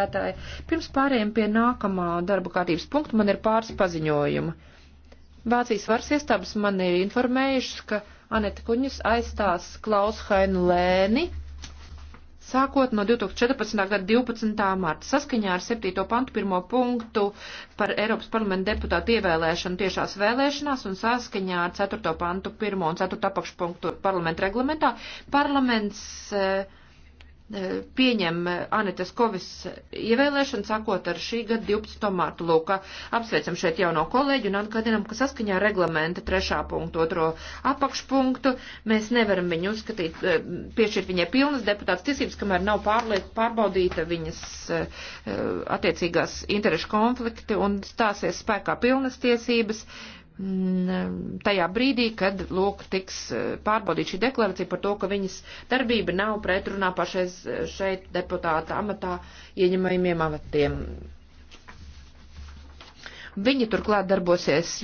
Tātāji, pirms pārējiem pie nākamā darba kārtības punkta man ir pāris paziņojumu. Vācijas varas iestādes man ir informējušas, ka Aneta Kuņas aizstās Klaus Hainu Lēni sākot no 2014. gada 12. marta saskaņā ar 7. pantu 1. punktu par Eiropas parlamenta deputātu ievēlēšanu tiešās vēlēšanās un saskaņā ar 4. pantu 1 un 4. apakšpunktu parlamenta reglamentā parlaments eh, E, pieņem Anetes Kovis ievēlēšanu, sakot ar šī gada 12. mārtu. Lūk, apsveicam šeit jauno kolēģi un atgādinam, ka saskaņā reglamenta 3. punktu, 2. apakšpunktu mēs nevaram viņu uzskatīt, e, piešķirt viņai pilnas deputātas tiesības, kamēr nav pārliek, pārbaudīta viņas e, attiecīgās interešu konflikti un stāsies spēkā pilnas tiesības Mm, tajā brīdī, kad, lūk, tiks eh, pārbaudīt šī deklarācija par to, ka viņas darbība nav pretrunā pašais šeit deputāta amatā ieņemajiem amatiem. Viņi turklāt darbosies